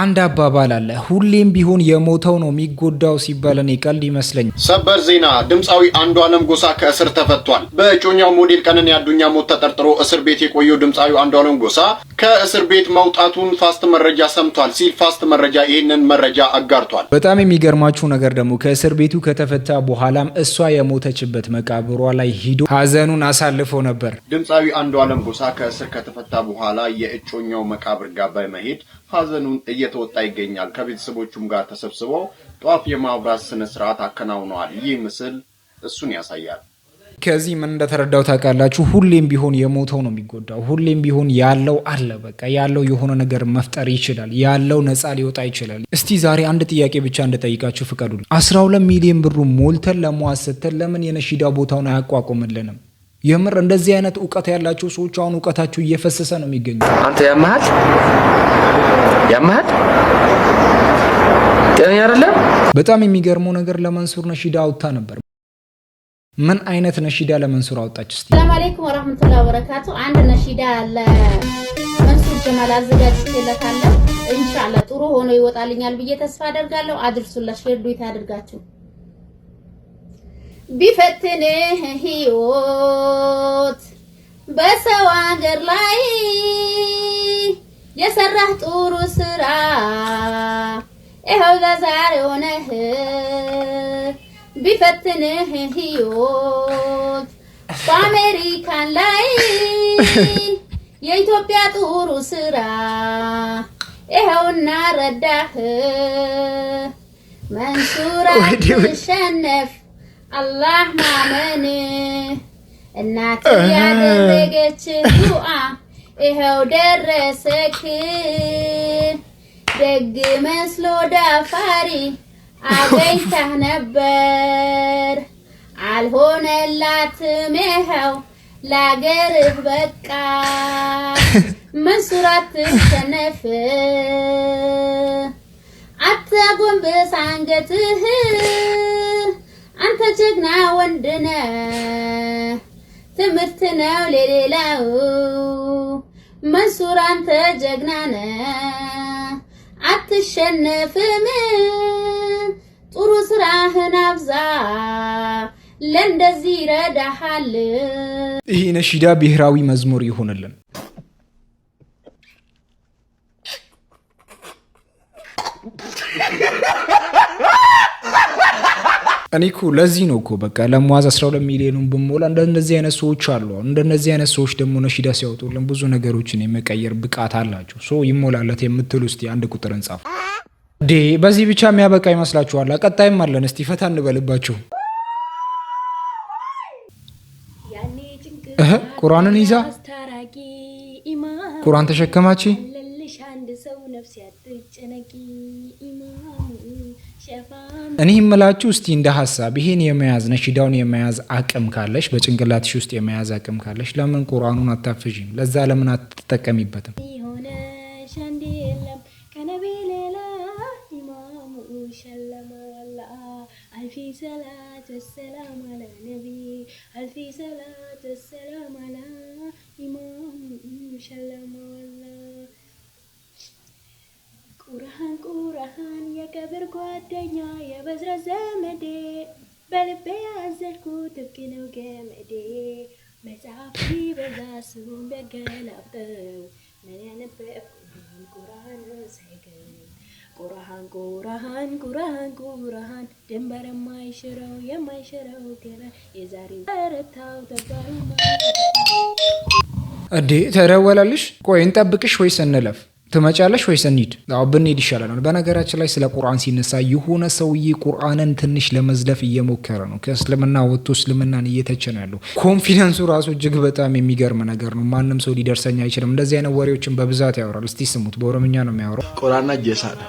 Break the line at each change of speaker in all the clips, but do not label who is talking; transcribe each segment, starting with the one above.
አንድ አባባል አለ። ሁሌም ቢሆን የሞተው ነው የሚጎዳው ሲባል እኔ ቀልድ ይመስለኛል።
ሰበር ዜና! ድምፃዊ አንዷለም ጎሳ ከእስር ተፈቷል። በእጮኛው ሞዴል ቀነኒ አዱኛ ሞት ተጠርጥሮ እስር ቤት የቆየው ድምፃዊ አንዷለም ጎሳ ከእስር ቤት መውጣቱን ፋስት መረጃ ሰምቷል ሲል ፋስት መረጃ ይህንን መረጃ አጋርቷል።
በጣም የሚገርማችሁ ነገር ደግሞ ከእስር ቤቱ ከተፈታ በኋላም እሷ የሞተችበት መቃብሯ ላይ ሂዶ ሀዘኑን አሳልፎ ነበር።
ድምፃዊ አንዷለም ጎሳ ከእስር ከተፈታ በኋላ የእጮኛው መቃብር ጋር በመሄድ ሀዘኑን እየተወጣ ይገኛል። ከቤተሰቦቹም ጋር ተሰብስበው ጧፍ የማብራት ስነ ስርዓት አከናውነዋል። ይህ ምስል እሱን ያሳያል።
ከዚህ ምን እንደተረዳው ታውቃላችሁ? ሁሌም ቢሆን የሞተው ነው የሚጎዳው። ሁሌም ቢሆን ያለው አለ፣ በቃ ያለው የሆነ ነገር መፍጠር ይችላል። ያለው ነፃ ሊወጣ ይችላል። እስቲ ዛሬ አንድ ጥያቄ ብቻ እንደጠይቃችሁ ፍቀዱልን። አስራ ሁለት ሚሊዮን ብሩ ሞልተን ለመዋሰተን ለምን የነሺዳ ቦታውን አያቋቁምልንም? የምር እንደዚህ አይነት እውቀት ያላቸው ሰዎች አሁን እውቀታቸው እየፈሰሰ ነው የሚገኙ።
አንተ ያመሃል ያመሃል ጤነኛ አይደለም።
በጣም የሚገርመው ነገር ለመንሱር ነሺዳ አውጥታ ነበር። ምን አይነት ነሺዳ ለመንሱር አውጣች? እስቲ?
ሰላም አለይኩም ወራህመቱላሂ ወበረካቱ። አንድ ነሺዳ ለመንሱር ጀማል አዘጋጅቼለታለሁ። ኢንሻአላህ ጥሩ ሆኖ ይወጣልኛል ብዬ ተስፋ አደርጋለሁ። አድርሱላ ሼር ዱይታ አድርጋችሁ ቢፈትንህ ሕይወት በሰው አገር ላይ የሰራህ ጥሩ ስራ ይኸው ለዛሬው ነህ። ቢፈትንህ ሕይወት በአሜሪካን ላይ የኢትዮጵያ ጥሩ ስራ ይኸውና ረዳህ መንሱራ ትሸነፍ አላህ ማመን እናት ያደረገች ዱአ ይኸው ደረሰክ። ደግ መስሎ ዳፋሪ አገኝታህ ነበር አልሆነላትም። ይኸው ላገርህ በቃ መንሱራት ትሸነፍ አትጎንብስ አንገትህ አንተ ጀግና ወንድ ነህ፣ ትምህርት ነው ለሌላው። መንሱር አንተ ጀግና ነህ፣ አትሸነፍም። ጥሩ ስራህን አብዛ፣ ለእንደዚህ ይረዳሃል።
ይህ ነሺዳ ብሔራዊ መዝሙር ይሆንልን። እኔ እኮ ለዚህ ነው እኮ በቃ ለሟዝ 12 ሚሊዮኑን ብሞላ እንደነዚህ አይነት ሰዎች አሉ። እንደነዚህ አይነት ሰዎች ደግሞ ነሺዳ ሲያወጡልን ብዙ ነገሮችን የመቀየር ብቃት አላቸው። ሶ ይሞላለት የምትሉ እስቲ አንድ ቁጥር እንጻፍ። ዴ በዚህ ብቻ የሚያበቃ ይመስላችኋል? ቀጣይም አለን። እስቲ ፈታ እንበልባችሁ። ቁርአንን ይዛ ቁርአን ተሸከማች። እኔ የምላችሁ እስቲ እንደ ሀሳብ ይሄን የመያዝ ነሺዳውን የመያዝ አቅም ካለሽ፣ በጭንቅላትሽ ውስጥ የመያዝ አቅም ካለሽ ለምን ቁርአኑን አታፍዥም? ለዛ ለምን አትጠቀሚበትም? ቁርሃን ቁርሃን የቀብር ጓደኛ የበዝረ ዘመዴ በልቤ ያዘልኩ ጥብቅ ነው ገመዴ መጽሐፍ ሲበዛ ስሙን በገላብጠው ምን ያነበብኩኝ ቁርሃን ሳይገኝ ቁርሃን ቁርሃን ቁርሃን ቁርሃን ድንበር የማይሽረው የማይሽረው ገና የዛሬው በረታው ተግባሩ እንዴ ተረወላልሽ ቆይን ጠብቅሽ ወይስ እንለፍ? ትመጫለሽ ወይስ እንሂድ? አዎ ብንሄድ ይሻላል። በነገራችን ላይ ስለ ቁርአን ሲነሳ የሆነ ሰውዬ ቁርአንን ትንሽ ለመዝለፍ እየሞከረ ነው። ከእስልምና ወጥቶ እስልምናን እየተቸ ነው ያለው። ኮንፊደንሱ ራሱ እጅግ በጣም የሚገርም ነገር ነው። ማንም ሰው ሊደርሰኝ አይችልም። እንደዚህ አይነት ወሬዎችን በብዛት ያወራል። እስቲ ስሙት። በኦሮምኛ ነው የሚያወራው።
ቁርአን አጀሳድ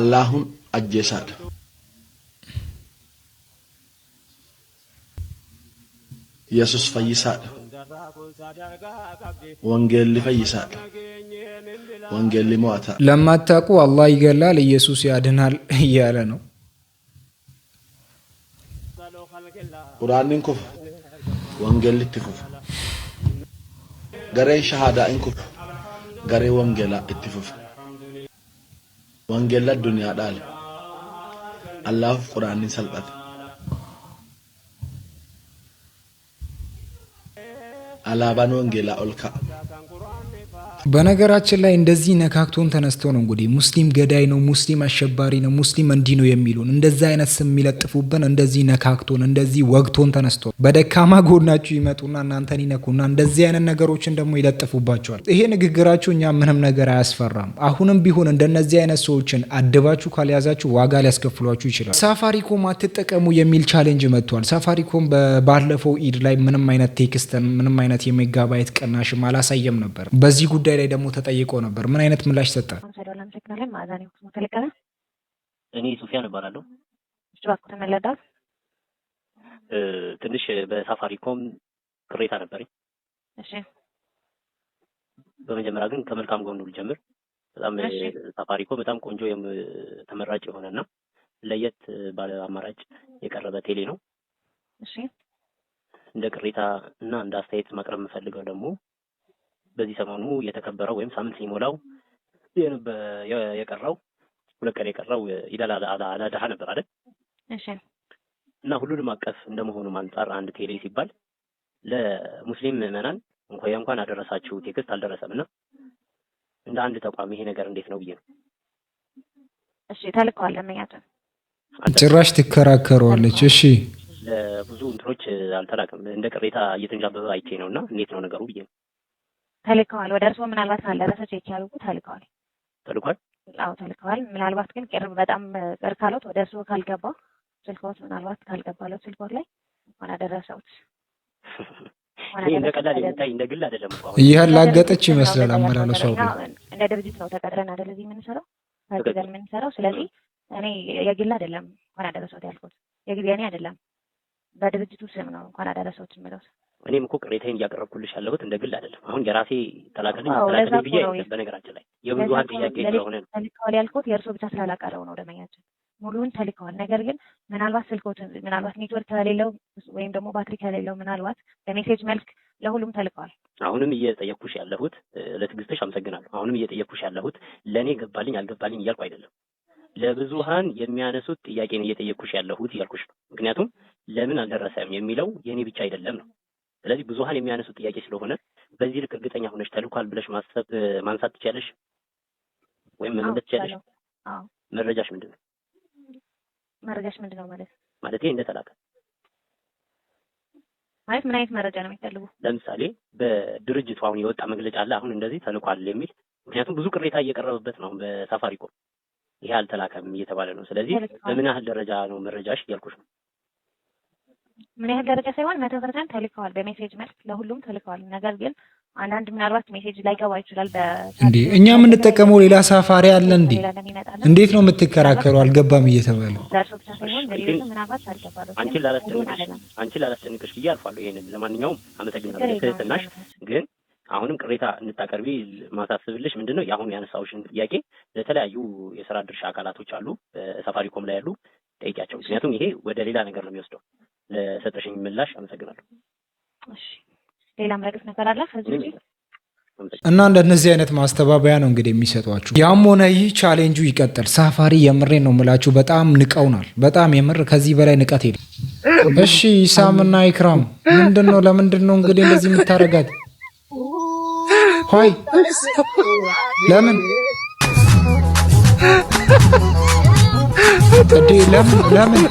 አላሁን አጀሳድ ኢየሱስ ፈይሳል ወንጌል ሊፈይሳል ወንጌል ይሞታል።
ለማታቁ አላህ ይገላል፣ ኢየሱስ ያድናል እያለ ነው።
ቁርአን ኩፍ ወንጌል ልትኩፍ ገሬ ሸሃዳ እንኩፍ ገሬ ወንጌላ እትፉፍ ወንጌላ ዱንያ ዳል አላሁ ቁርአን ሰልቀት alaabaan wangeelaa ol ka'a.
በነገራችን ላይ እንደዚህ ነካክቶን ተነስተው ነው እንግዲህ ሙስሊም ገዳይ ነው፣ ሙስሊም አሸባሪ ነው፣ ሙስሊም እንዲህ ነው የሚሉን እንደዚህ አይነት ስም የሚለጥፉብን እንደዚህ ነካክቶን እንደዚህ ወግቶን ተነስቶ በደካማ ጎናችሁ ይመጡና እናንተን ይነኩና እንደዚህ አይነት ነገሮችን ደግሞ ይለጥፉባቸዋል። ይሄ ንግግራችሁ እኛ ምንም ነገር አያስፈራም። አሁንም ቢሆን እንደነዚህ አይነት ሰዎችን አድባችሁ ካልያዛችሁ ዋጋ ሊያስከፍሏችሁ ይችላል። ሳፋሪኮም አትጠቀሙ የሚል ቻሌንጅ መጥቷል። ሳፋሪኮም ባለፈው ኢድ ላይ ምንም አይነት ቴክስትን ምንም አይነት የሜጋባይት ቅናሽም አላሳየም ነበር በዚህ ጉዳይ ጉዳይ ላይ ደግሞ ተጠይቆ ነበር። ምን አይነት ምላሽ ሰጠ?
እኔ ሱፊያን እባላለሁ። ትንሽ በሳፋሪኮም ቅሬታ ነበረኝ። በመጀመሪያ ግን ከመልካም ጎኑ ልጀምር። በጣም ሳፋሪኮም በጣም ቆንጆ ተመራጭ የሆነና ለየት ባለ አማራጭ የቀረበ ቴሌ ነው። እንደ ቅሬታ እና እንደ አስተያየት ማቅረብ የምፈልገው ደግሞ በዚህ ሰሞኑ የተከበረው ወይም ሳምንት ሲሞላው የቀረው ሁለት ቀን የቀረው ኢዳል አድሃ ነበር አይደል? እሺ። እና ሁሉንም አቀፍ እንደመሆኑ አንጻር አንድ ቴሌ ሲባል ለሙስሊም ምዕመናን እንኳን እንኳን አደረሳችሁ ቴክስት አልደረሰም እና እንደ አንድ ተቋም ይሄ ነገር እንዴት ነው ብዬ ነው። እሺ፣ ተልከዋል። ለማያቸው
ጭራሽ ትከራከረዋለች። እሺ
ለብዙ እንትኖች አልተላቅም እንደ ቅሬታ እየተንዣበበ አይቼ ነው እና እንዴት ነው ነገሩ ብዬ ነው። ተልከዋል። ወደ እርስዎ ምናልባት ካልደረሰች የቻልኩ ተልከዋል ተልኳል። አዎ ተልከዋል። ምናልባት ግን ቅርብ በጣም ቅር ካሎት ወደ እርስዎ ካልገባ ስልኮት ምናልባት ካልገባለት ስልኮት ላይ እንኳን አደረሰውት።
ላገጠች ይመስላል አመላለሷ።
እንደ ድርጅት ነው ተቀጥረን አይደል እዚህ የምንሰራው ታግዘን የምንሰራው። ስለዚህ እኔ የግል አይደለም እንኳን አደረሰውት ያልኩት የግል የእኔ አይደለም፣ በድርጅቱ ስም ነው እንኳን አደረሰውት የምለው እኔም እኮ ቅሬታዬን እያቀረብኩልሽ ያለሁት እንደ ግል አይደለም። አሁን የራሴ ተላከልኝ ተላከልኝ ብዬ በነገራችን ላይ የብዙሀን ጥያቄ ስለሆነ ነው ተልከዋል ያልኩት የእርሶ ብቻ ስላላቀረቡ ነው። ደመኛችን ሙሉውን ተልከዋል። ነገር ግን ምናልባት ስልኮት ምናልባት ኔትወርክ ከሌለው ወይም ደግሞ ባትሪ ከሌለው ምናልባት በሜሴጅ መልክ ለሁሉም ተልከዋል። አሁንም እየጠየኩሽ ያለሁት ለትዕግስትሽ አመሰግናለሁ። አሁንም እየጠየኩሽ ያለሁት ለእኔ ገባልኝ አልገባልኝ እያልኩ አይደለም። ለብዙሀን የሚያነሱት ጥያቄ እየጠየኩሽ ያለሁት እያልኩሽ ነው። ምክንያቱም ለምን አልደረሰም የሚለው የእኔ ብቻ አይደለም ነው ስለዚህ ብዙሀን የሚያነሱት ጥያቄ ስለሆነ በዚህ ልክ እርግጠኛ ሆነች ተልኳል ብለሽ ማሰብ ማንሳት ትችያለሽ ወይም መመለስ ትችያለሽ። መረጃሽ ምንድን ነው? መረጃሽ ምንድን ነው ማለት ማለት ይሄ እንደተላከ ማለት ምን አይነት መረጃ ነው የሚፈልጉ? ለምሳሌ በድርጅቱ አሁን የወጣ መግለጫ አለ፣ አሁን እንደዚህ ተልኳል የሚል ምክንያቱም ብዙ ቅሬታ እየቀረበበት ነው በሳፋሪኮም ይሄ አልተላከም እየተባለ ነው። ስለዚህ በምን ያህል ደረጃ ነው መረጃሽ እያልኩሽ ነው። ምን ያህል ደረጃ ሳይሆን መቶ ፐርሰንት ተልከዋል። በሜሴጅ መልክ ለሁሉም ተልከዋል። ነገር ግን አንዳንድ ምናልባት ሜሴጅ ላይገባ ይችላል።
እንዴ እኛ የምንጠቀመው ሌላ ሳፋሪ አለ እንዴ? እንዴት ነው የምትከራከሩ? አልገባም እየተባለ
አንቺን ላላስጨንቅሽ ብዬ አልፋለሁ። ይሄንን ለማንኛውም አመሰግናለሁ ለትህትናሽ። ግን አሁንም ቅሬታ እንታቀርቢ ማሳስብልሽ ምንድን ነው የአሁኑ ያነሳዎችን ጥያቄ ለተለያዩ የስራ ድርሻ አካላቶች አሉ ሳፋሪኮም ላይ ያሉ ጠይቂያቸው። ምክንያቱም ይሄ ወደ ሌላ ነገር ነው የሚወስደው ለሰጠሽኝ ምላሽ አመሰግናለሁ። ሌላም ረግስ ነገር አለ ከዚህ
እና እንደነዚህ አይነት ማስተባበያ ነው እንግዲህ የሚሰጧችሁ። ያም ሆነ ይህ ቻሌንጁ ይቀጥል። ሳፋሪ የምሬ ነው የምላችሁ፣ በጣም ንቀውናል። በጣም የምር ከዚህ በላይ ንቀት የለም። እሺ ኢሳም እና ኢክራም ምንድን ነው ለምንድን ነው እንግዲህ እንደዚህ የምታረጋት? ሆይ ለምን ለምን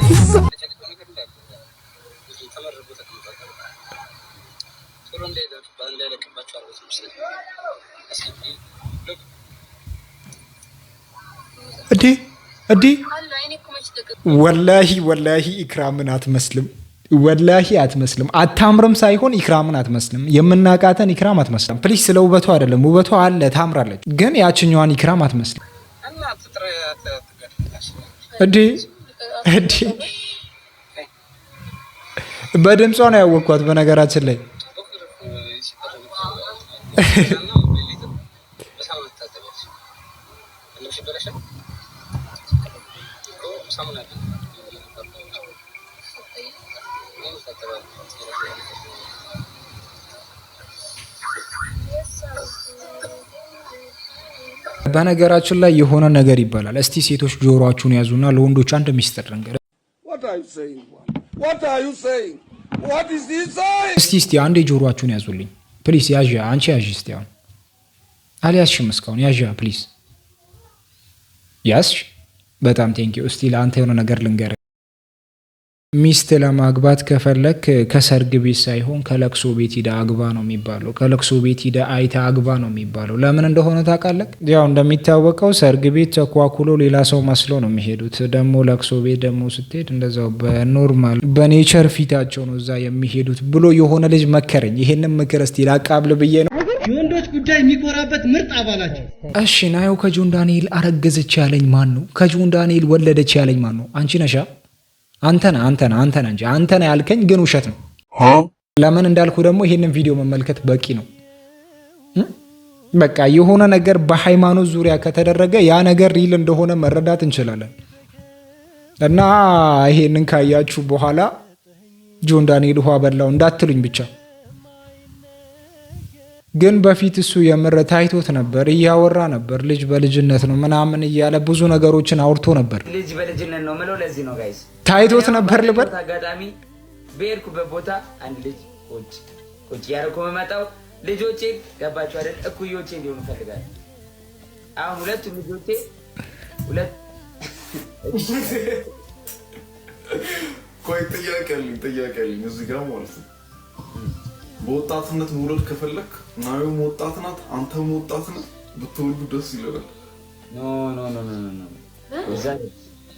እንዴ እንዴ ወላሂ ወላሂ ኢክራምን አትመስልም። ወላሂ አትመስልም። አታምርም ሳይሆን ኢክራምን አትመስልም። የምናቃተን ኢክራም አትመስልም። ፕሊስ፣ ስለ ውበቷ አይደለም። ውበቷ አለ፣ ታምራለች። ግን ያችኛዋን ኢክራም አትመስልም። እንዴ በድምጿ ነው ያወቅኳት በነገራችን ላይ በነገራችን ላይ የሆነ ነገር ይባላል። እስቲ ሴቶች ጆሮአችሁን ያዙና ለወንዶች አንድ ሚስጥር ነገር እስቲ እስቲ አንዴ ጆሮአችሁን ያዙልኝ ፕሊስ። ያዣ አንቺ ያዥ እስቲ። አሁን አልያዝሽም እስካሁን ያዣ ፕሊስ ያዝሽ በጣም ቴንኪ። እስቲ ለአንተ የሆነ ነገር ልንገር። ሚስት ለማግባት ከፈለክ ከሰርግ ቤት ሳይሆን ከለቅሶ ቤት ሂዳ አግባ ነው የሚባለው። ከለቅሶ ቤት ሂዳ አይታ አግባ ነው የሚባለው። ለምን እንደሆነ ታውቃለህ? ያው እንደሚታወቀው ሰርግ ቤት ተኳኩሎ ሌላ ሰው መስሎ ነው የሚሄዱት። ደግሞ ለቅሶ ቤት ደግሞ ስትሄድ እንደዛው በኖርማል በኔቸር ፊታቸው ነው እዛ የሚሄዱት ብሎ የሆነ ልጅ መከረኝ። ይሄንም ምክር እስቲ ላቃብል ብዬ ነው ጉዳይ የሚኮራበት ምርጥ አባላቸው። እሺ ናየው ከጆን ዳንኤል አረገዘች ያለኝ ማን ነው? ከጆን ዳንኤል ወለደች ያለኝ ማን ነው? አንቺ ነሻ? አንተና አንተና አንተና እንጂ አንተና ያልከኝ ግን ውሸት ነው። ለምን እንዳልኩ ደግሞ ይህንን ቪዲዮ መመልከት በቂ ነው። በቃ የሆነ ነገር በሃይማኖት ዙሪያ ከተደረገ ያ ነገር ሪል እንደሆነ መረዳት እንችላለን። እና ይሄንን ካያችሁ በኋላ ጆን ዳንኤል ውሃ በላው እንዳትሉኝ ብቻ ግን በፊት እሱ የምር ታይቶት ነበር፣ እያወራ ነበር። ልጅ በልጅነት ነው ምናምን እያለ ብዙ ነገሮችን አውርቶ ነበር። ልጅ በልጅነት ነው ምለው ለዚህ ነው ጋይስ፣ ታይቶት ነበር ልበል። አጋጣሚ በሄድኩበት ቦታ አንድ ልጅ ቁጭ ቁጭ እያደረኩ የምመጣው ልጆቼ ገባችሁ አይደል? እኩዮቼ እንዲሆኑ ይፈልጋል። አሁን ልጆቼ ሁለት
ቆይ ጥያቄ አለኝ ጥያቄ አለኝ እዚህ ጋር ማለት ነው በወጣትነት መውለድ ከፈለክ ናዮም ወጣት ናት፣ አንተም ወጣት ነህ። ብትወልዱ ደስ ይለናል።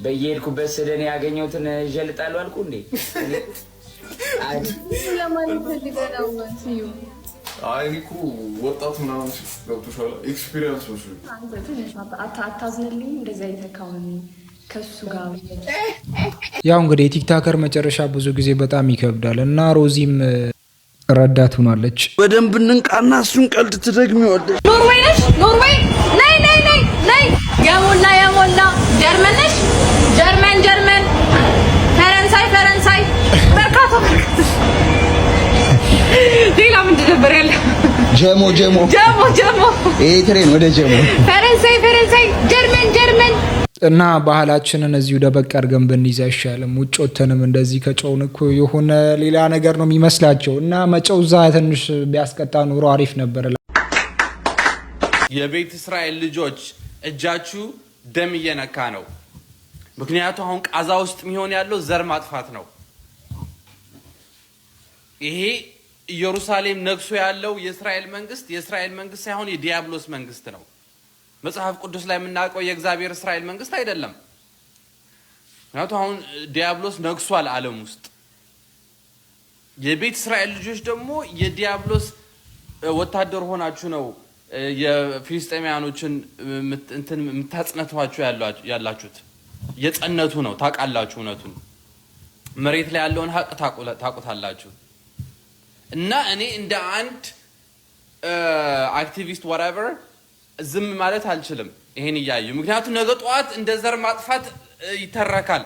በየሄድኩበት ስለ እኔ ያገኘሁትን እዠልጣለሁ አልኩ እንዴ?
አይ እኔ እኮ ወጣት ምናምን ሲል ገብቶሻል። ኤክስፒሪየንስ ነው አታዝንልኝ። እንደዚህ አይነት አካውንት
ከሱ ያው እንግዲህ የቲክታከር መጨረሻ ብዙ ጊዜ በጣም ይከብዳል እና ሮዚም ረዳት ሆናለች።
በደንብ እንንቃና እሱን ቀልድ ትደግሚ ይወደች።
ኖርዌይ ነሽ? ኖርዌይ ነይ ነይ ነይ ነይ። የሞላ የሞላ ጀርመን ነሽ? ጀርመን ጀርመን። ፈረንሳይ ፈረንሳይ። በርካቶ ሌላ ምን ነበር ያለ? ጀሞ ጀሞ ጀሞ ጀሞ።
ይሄ ትሬን ወደ ጀሞ።
ፈረንሳይ ፈረንሳይ። ጀርመን ጀርመን
እና ባህላችንን እዚሁ ደበቅ አድርገን ብንይዝ አይሻልም? ውጭ ወተንም እንደዚህ ከጨውን እኮ የሆነ ሌላ ነገር ነው የሚመስላቸው። እና መጨው እዛ ትንሽ ቢያስቀጣ ኑሮ አሪፍ ነበር።
የቤት እስራኤል ልጆች እጃችሁ ደም እየነካ ነው። ምክንያቱ አሁን ቃዛ ውስጥ የሚሆን ያለው ዘር ማጥፋት ነው። ይሄ ኢየሩሳሌም ነግሶ ያለው የእስራኤል መንግስት የእስራኤል መንግስት ሳይሆን የዲያብሎስ መንግስት ነው። መጽሐፍ ቅዱስ ላይ የምናውቀው የእግዚአብሔር እስራኤል መንግስት አይደለም። ምክንያቱ አሁን ዲያብሎስ ነግሷል ዓለም ውስጥ። የቤት እስራኤል ልጆች ደግሞ የዲያብሎስ ወታደር ሆናችሁ ነው የፊልስጤማያኖችን እንትን የምታጽነቷቸው ያላችሁት። የጸነቱ ነው ታውቃላችሁ፣ እውነቱን መሬት ላይ ያለውን ሀቅ ታውቁታላችሁ። እና እኔ እንደ አንድ አክቲቪስት ወራቨር ዝም ማለት አልችልም፣ ይሄን እያዩ ምክንያቱም ነገ ጠዋት እንደ ዘር ማጥፋት ይተረካል።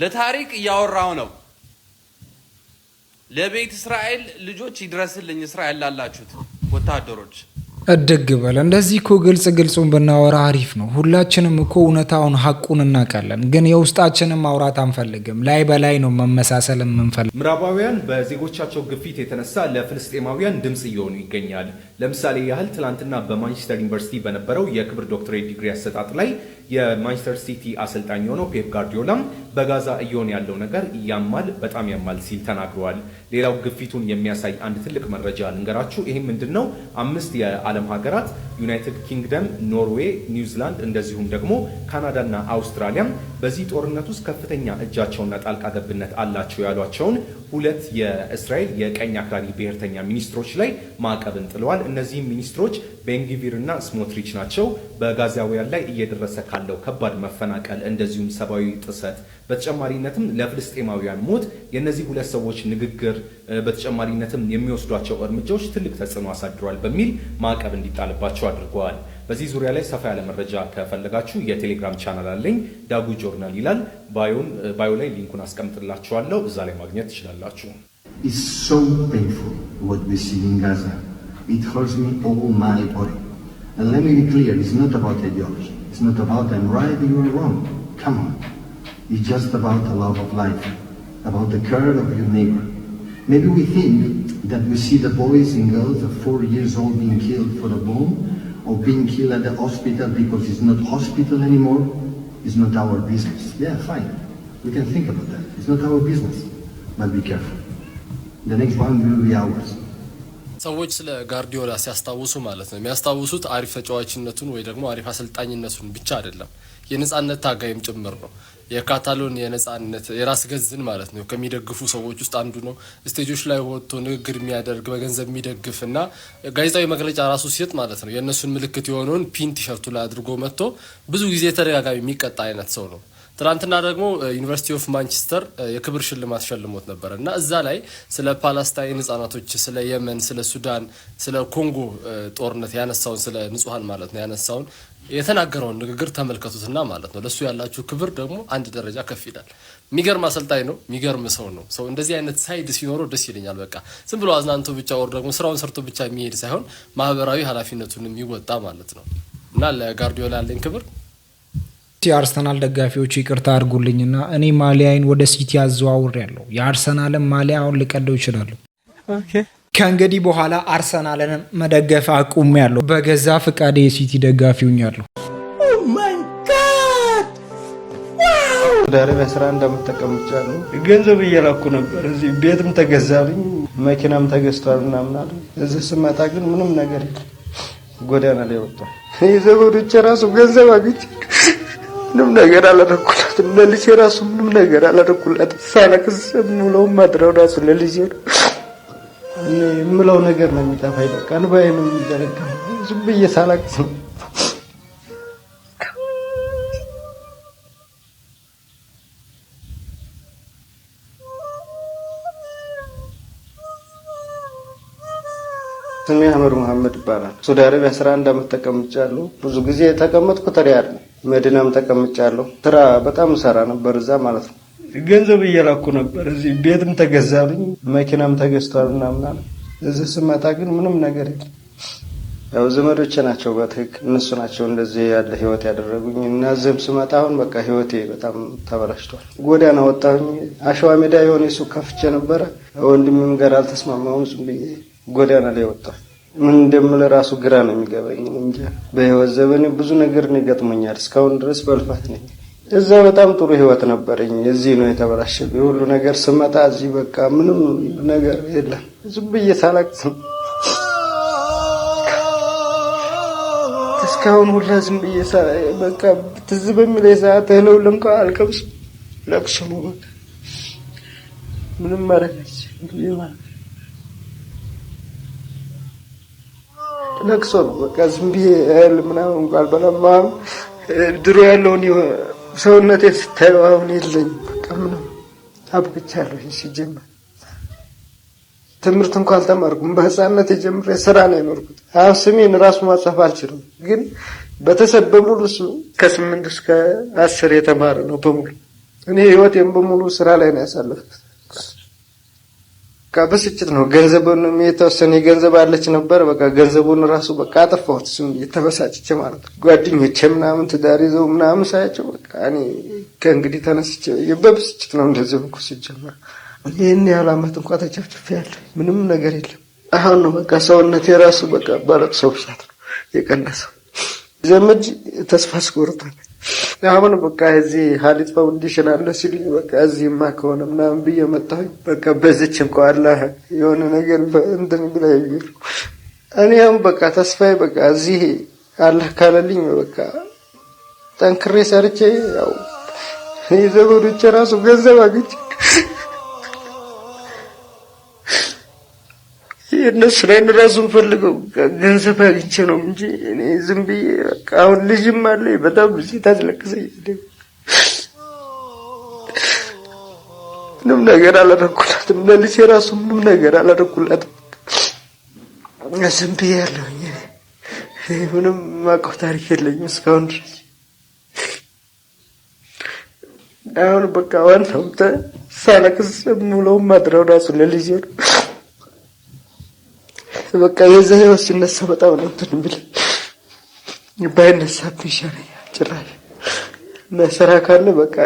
ለታሪክ እያወራው ነው። ለቤት እስራኤል ልጆች ይድረስልኝ፣ እስራኤል ላላችሁት ወታደሮች
እድግ በል። እንደዚህ እኮ ግልጽ ግልጹን ብናወራ አሪፍ ነው። ሁላችንም እኮ እውነታውን ሀቁን እናውቃለን፣ ግን የውስጣችንን ማውራት አንፈልግም። ላይ በላይ ነው መመሳሰል የምንፈልግ። ምዕራባውያን በዜጎቻቸው ግፊት የተነሳ ለፍልስጤማውያን ድምፅ እየሆኑ ይገኛል። ለምሳሌ ያህል ትናንትና በማንቸስተር ዩኒቨርሲቲ በነበረው የክብር ዶክትሬት ዲግሪ አሰጣጥ ላይ የማንቸስተር ሲቲ አሰልጣኝ የሆነው ፔፕ ጋርዲዮላም በጋዛ እየሆነ ያለው ነገር ያማል፣ በጣም ያማል ሲል ተናግረዋል። ሌላው ግፊቱን የሚያሳይ አንድ ትልቅ መረጃ ልንገራችሁ። ይህም ምንድን ነው? አምስት የዓለም የዓለም ሀገራት ዩናይትድ ኪንግደም፣ ኖርዌይ፣ ኒውዚላንድ እንደዚሁም ደግሞ ካናዳና አውስትራሊያም በዚህ ጦርነት ውስጥ ከፍተኛ እጃቸውና ጣልቃ ገብነት አላቸው ያሏቸውን ሁለት የእስራኤል የቀኝ አክራሪ ብሔርተኛ ሚኒስትሮች ላይ ማዕቀብን ጥለዋል። እነዚህም ሚኒስትሮች ቤንግቪር እና ስሞትሪች ናቸው። በጋዛውያን ላይ እየደረሰ ካለው ከባድ መፈናቀል እንደዚሁም ሰብአዊ ጥሰት በተጨማሪነትም ለፍልስጤማውያን ሞት የእነዚህ ሁለት ሰዎች ንግግር በተጨማሪነትም የሚወስዷቸው እርምጃዎች ትልቅ ተጽዕኖ አሳድሯል በሚል ማዕቀብ እንዲጣልባቸዋል አድርገዋል። በዚህ ዙሪያ ላይ ሰፋ ያለ መረጃ ከፈለጋችሁ የቴሌግራም ቻናል አለኝ፣ ዳጉ ጆርናል ይላል። ባዮ ላይ ሊንኩን አስቀምጥላችኋለሁ፣ እዛ ላይ ማግኘት ትችላላችሁ።
oh Maybe we think that we see the boys and girls of four years old being killed for the bomb or being killed at the hospital because it's not hospital anymore is not our business. Yeah, fine. We can think about that. It's not our business. But be careful. The next one will be ours.
ሰዎች ስለ ጋርዲዮላ ሲያስታውሱ ማለት ነው የሚያስታውሱት አሪፍ ተጫዋችነቱን ወይ ደግሞ አሪፍ አሰልጣኝነቱን ብቻ አይደለም፣ የነጻነት ታጋይም ጭምር ነው። የካታሎን የነጻነት የራስ ገዝን ማለት ነው ከሚደግፉ ሰዎች ውስጥ አንዱ ነው። ስቴጆች ላይ ወጥቶ ንግግር የሚያደርግ በገንዘብ የሚደግፍ እና ጋዜጣዊ መግለጫ ራሱ ሲሰጥ ማለት ነው የእነሱን ምልክት የሆነውን ፒን ቲሸርቱ ላይ አድርጎ መጥቶ ብዙ ጊዜ ተደጋጋሚ የሚቀጣ አይነት ሰው ነው። ትናንትና ደግሞ ዩኒቨርሲቲ ኦፍ ማንቸስተር የክብር ሽልማት ሸልሞት ነበር እና እዛ ላይ ስለ ፓላስታይን ህጻናቶች፣ ስለ የመን፣ ስለ ሱዳን፣ ስለ ኮንጎ ጦርነት ያነሳውን ስለ ንጹሀን ማለት ነው ያነሳውን የተናገረውን ንግግር ተመልከቱትና ማለት ነው ለእሱ ያላችሁ ክብር ደግሞ አንድ ደረጃ ከፍ ይላል። የሚገርም አሰልጣኝ ነው፣ የሚገርም ሰው ነው። ሰው እንደዚህ አይነት ሳይድ ሲኖረው ደስ ይለኛል። በቃ ዝም ብሎ አዝናንቶ ብቻ ወር ደግሞ ስራውን ሰርቶ ብቻ የሚሄድ ሳይሆን ማህበራዊ ኃላፊነቱን የሚወጣ ማለት ነው እና ለጋርዲዮላ ያለኝ ክብር የአርሰናል ደጋፊዎች ይቅርታ አድርጉልኝና እኔ ማሊያዬን ወደ ሲቲ አዘዋውር ያለው የአርሰናልን ማሊያ አሁን ልቀደው ይችላሉ። ከእንግዲህ በኋላ አርሰናልን መደገፍ አቁም ያለው በገዛ ፍቃዴ የሲቲ ደጋፊ ሆኛለሁ።
ዳሬ በስራ እንደምጠቀምቻለሁ ገንዘብ እየላኩ ነበር። እዚህ ቤትም ተገዛልኝ፣ መኪናም ተገዝቷል ምናምን አለ። እዚህ ስመጣ ግን ምንም ነገር ጎዳና ላይ ወጥቷል። የዘመዶቼ ራሱ ገንዘብ አግኝቼ ምንም ነገር አላደረኩላትም። ለልጄ ራሱ ምንም ነገር አላደረኩላትም። ሳለቅስ የምውለው ማድረው ራሱ ለልጄ ነው። የምለው ነገር ነው የሚጠፋኝ። በቃ እንባዬ ነው የሚዘረጋ። ዝም ብዬ ሳለቅስ ነው ስሜ አህመድ መሐመድ ይባላል። ሳውዲ አረቢያ ስራ ዓመት ተቀምጫለሁ። ብዙ ጊዜ የተቀመጥኩ ተሪያድ ነው። መዲናም ተቀምጫለሁ። ስራ በጣም ሰራ ነበር እዛ ማለት ነው። ገንዘብ እየላኩ ነበር። እዚህ ቤትም ተገዛልኝ፣ መኪናም ተገዝቷል ምናምና። እዚህ ስመጣ ግን ምንም ነገር የለም። ያው ዘመዶቼ ናቸው በትክ እነሱ ናቸው እንደዚህ ያለ ህይወት ያደረጉኝ እና እዚህም ስመጣ አሁን በቃ ህይወቴ በጣም ተበላሽቷል። ጎዳና ወጣሁኝ። አሸዋ ሜዳ የሆነ ሱቅ ከፍቼ ነበረ። ወንድሜም ጋር አልተስማማሁም። ዝም ብዬ ጎዳና ላይ ወጣ። ምን እንደምል ራሱ ግራ ነው የሚገባኝ። እንጂ በህይወት ዘመኔ ብዙ ነገር ነው ይገጥሞኛል። እስካሁን ድረስ በልፋት ነኝ። እዛ በጣም ጥሩ ህይወት ነበረኝ። እዚህ ነው የተበላሸ የሁሉ ነገር። ስመጣ እዚህ በቃ ምንም ነገር የለም። ዝም ብዬ ሳላቅስ እስካሁን ሁላ ዝም ብዬ በቃ ትዝ በሚለ ሰዓት እህለው ለንኳ አልቀምስ ለቅሶ ምንም ማረጋች ለቅሶ ነው። በቃ ዝም ብዬ እህል ምናምን እንኳን በለማም ድሮ ያለውን ሰውነቴ ስታየው አሁን የለኝም። በቃ ምንም አብቅቻለሁ። ሲጀመር ትምህርት እንኳ አልተማርኩም። በህፃነት የጀምረ ስራ ነው የኖርኩት። አሁን ስሜን ራሱ ማጻፍ አልችልም፣ ግን በተሰብ በሙሉ ከስምንት እስከ አስር የተማረ ነው በሙሉ። እኔ ህይወቴን በሙሉ ስራ ላይ ነው ያሳለፍኩት። በቃ ብስጭት ነው። ገንዘብን የተወሰነ የገንዘብ አለች ነበር። በቃ ገንዘቡን ራሱ በቃ አጠፋሁት። እሱም የተበሳጭቼ ማለት ነው። ጓደኞቼ ምናምን ትዳር ይዘው ምናምን ሳያቸው በቃ እኔ ከእንግዲህ ተነስቼ በብስጭት ነው እንደዚህ ብኩ ሲጀመር ይህን ያህል አመት እንኳ ተጨፍጭፍ ያለ ምንም ነገር የለም። አሁን ነው በቃ ሰውነት የራሱ በቃ ባለቅ ሰው ብዛት ነው የቀነሰው። ዘመድ ተስፋ አስቆርጧል። አሁን በቃ እዚህ ሀሊት ፋውንዴሽን አለ ሲሉኝ በቃ እዚህማ ከሆነ ምናምን ብዬ መጣሁ። በቃ በዚች እንኳ አለ የሆነ ነገር እንትን ብላይ እኔ አሁን በቃ ተስፋዬ በቃ እዚህ አላህ ካለልኝ በቃ ጠንክሬ ሰርቼ ያው የዘመዶቼ ራሱ ገንዘብ አግኝቼ እነሱ ላይ እንራሱ ፈልገው ገንዘብ አግኝቼ ነው እንጂ እኔ ዝም ብዬ በቃ አሁን ልጅም አለ በጣም ብዙ ታስለቅሰኝ ምንም ነገር አላደረኩላትም። ለልጅ የራሱ ምንም ነገር አላደረኩላትም። ዝም ብዬ ያለሁኝ ምንም ማቀው ታሪክ የለኝም እስካሁን ድረስ። አሁን በቃ ዋናው ሳለቅስ ምለውም ማድረው ራሱ ለልጅ ነው። በቃ የዛ ህይወት ሲነሳ በጣም ነው እንትን ብል ባይነሳብኝ ይሻለኛል። ጭራሽ መስራ ካለ በቃ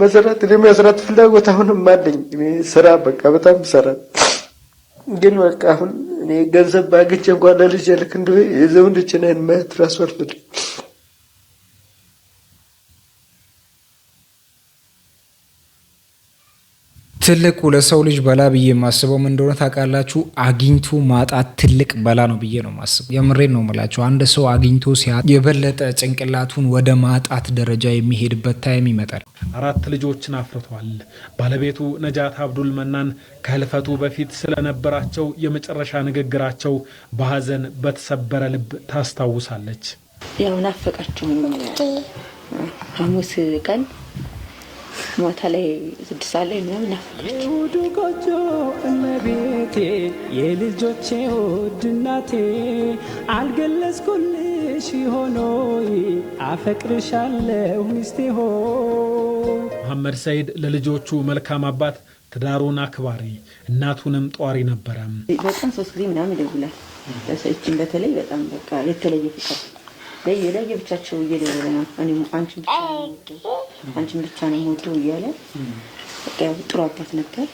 መስራት እኔም መስራት ፍላጎት አሁንም አለኝ። ስራ በቃ በጣም ሰራ ግን በቃ አሁን እኔ ገንዘብ ባግቼ እንኳን ለልጅ ልክ እንደሆ የዘውንድችን አይነት ማየት ራሱ አልፈልግም።
ትልቁ ለሰው ልጅ በላ ብዬ የማስበው ምን እንደሆነ ታውቃላችሁ? አግኝቶ ማጣት ትልቅ በላ ነው ብዬ ነው የማስበው። የምሬን ነው የምላችሁ። አንድ ሰው አግኝቶ ሲያ የበለጠ ጭንቅላቱን ወደ ማጣት ደረጃ የሚሄድበት ታይም ይመጣል። አራት ልጆችን አፍርቷል። ባለቤቱ ነጃት አብዱል መናን ከህልፈቱ በፊት ስለነበራቸው የመጨረሻ ንግግራቸው በሀዘን በተሰበረ ልብ ታስታውሳለች።
ያው ናፈቃችሁ ሐሙስ ቀን ማታ ላይ ስድስት ሰዓት ላይ ምናምን
ናፈቀች። ጎጆ እመቤቴ የልጆቼ ውድ እናቴ አልገለጽኩልሽ ሆኖይ አፈቅርሻለሁ ሚስቴ ሆ
መሐመድ ሰይድ ለልጆቹ መልካም አባት፣ ትዳሩን አክባሪ፣ እናቱንም ጧሪ ነበረ።
በጣም ሶስት ጊዜ ምናምን ይደውላል። ለሰይችን በተለይ በጣም በቃ የተለየ ፍቅር ብቻቸው እየደወለ ነው አንቺ ብቻ አንቺን ብቻ ነው የምወደው እያለ በቃ ያው ጥሩ አባት ነበር።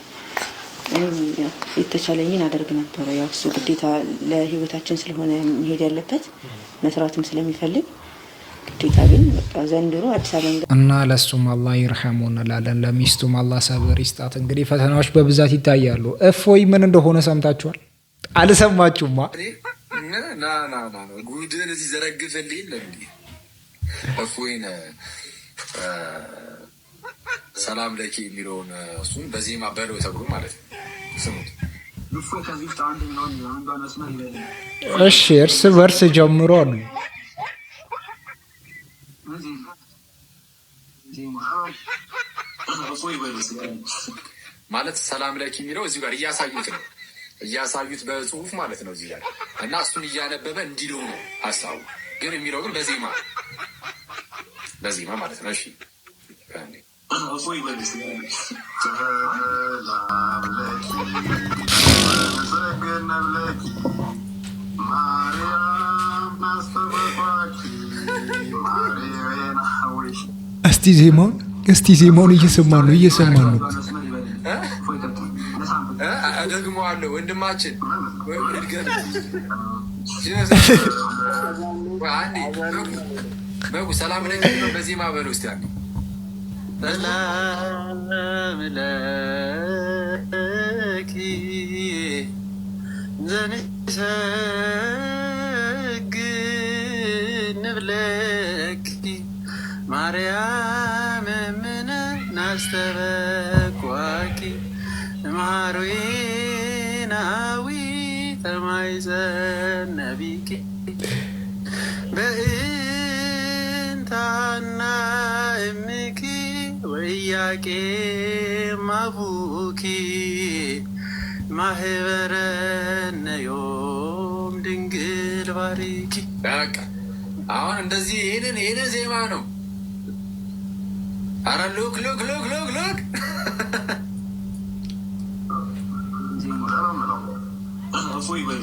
የተቻለኝን አደርግ ነበረ። ያው እሱ ግዴታ ለህይወታችን ስለሆነ መሄድ ያለበት መስራትም ስለሚፈልግ ግዴታ ዘንድሮ አዲስ
እና ለሱም አላህ ይርሐሙ እንላለን። ለሚስቱም አላህ ሰብር ይስጣት። እንግዲህ ፈተናዎች በብዛት ይታያሉ። እፎይ ምን እንደሆነ ሰምታችኋል? አልሰማችሁማ?
ጉድን እዚህ ዘረግፈልኝ እፎይን ሰላም ለኪ የሚለውን እሱን በዜማ በለው ተብሎ ማለት ነው። ስሙት።
እሺ እርስ በርስ ጀምሮ ነው።
ማለት ሰላም ለኪ የሚለው እዚሁ ጋር እያሳዩት ነው እያሳዩት በጽሁፍ ማለት ነው እዚህ ጋር እና እሱን እያነበበ እንዲለው ነው ሀሳቡ ግን የሚለው ግን በዜማ ለዚህ ማለት ነው። እሺ
እስቲ ዜማውን እስቲ ዜማውን እየሰማን ነው እየሰማን ነው
ደግሞ አለ ወንድማችን እድገ ሰላም ለእንግዲህ ነው በዚህ ማህበር ውስጥ ያለው ሰላም
ለኪ ዘንሰግድ ንብለኪ ማርያም ምን ናስተበቋኪ ማርዌናዊ ተማይዘነቢቂ በእ ጌታና እምኪ ወያቄ ማቡኪ ማህበረነዮም ድንግል ባሪኪ።
አሁን እንደዚህ ይህንን ይህንን ዜማ ነው። አረ ሉክ ሉክ ሉክ ሉክ ሉክ እፎይ በል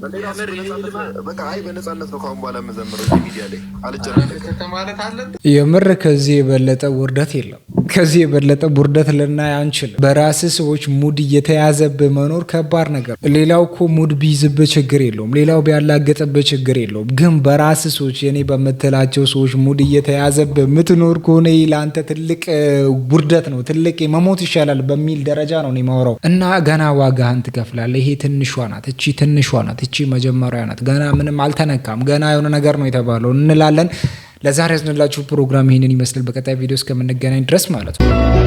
በነጻነት
የምር ከዚህ የበለጠ ውርደት የለም። ከዚህ የበለጠ ቡርደት ልናይ አንችልም። በራስ ሰዎች ሙድ እየተያዘብህ መኖር ከባድ ነገር። ሌላው እኮ ሙድ ቢይዝበት ችግር የለውም፣ ሌላው ቢያላገጠበት ችግር የለውም። ግን በራስ ሰዎች የኔ በምትላቸው ሰዎች ሙድ እየተያዘብህ የምትኖር ከሆነ ለአንተ ትልቅ ውርደት ነው፣ ትልቅ መሞት ይሻላል በሚል ደረጃ ነው እኔ የማወራው። እና ገና ዋጋህን ትከፍላለህ። ይሄ ትንሿ ናት፣ እቺ ትንሿ ናት፣ እቺ መጀመሪያ ናት። ገና ምንም አልተነካም፣ ገና የሆነ ነገር ነው የተባለው እንላለን። ለዛሬ ያዝንላችሁ ፕሮግራም ይህንን ይመስላል። በቀጣይ ቪዲዮ እስከምንገናኝ ድረስ ማለት ነው።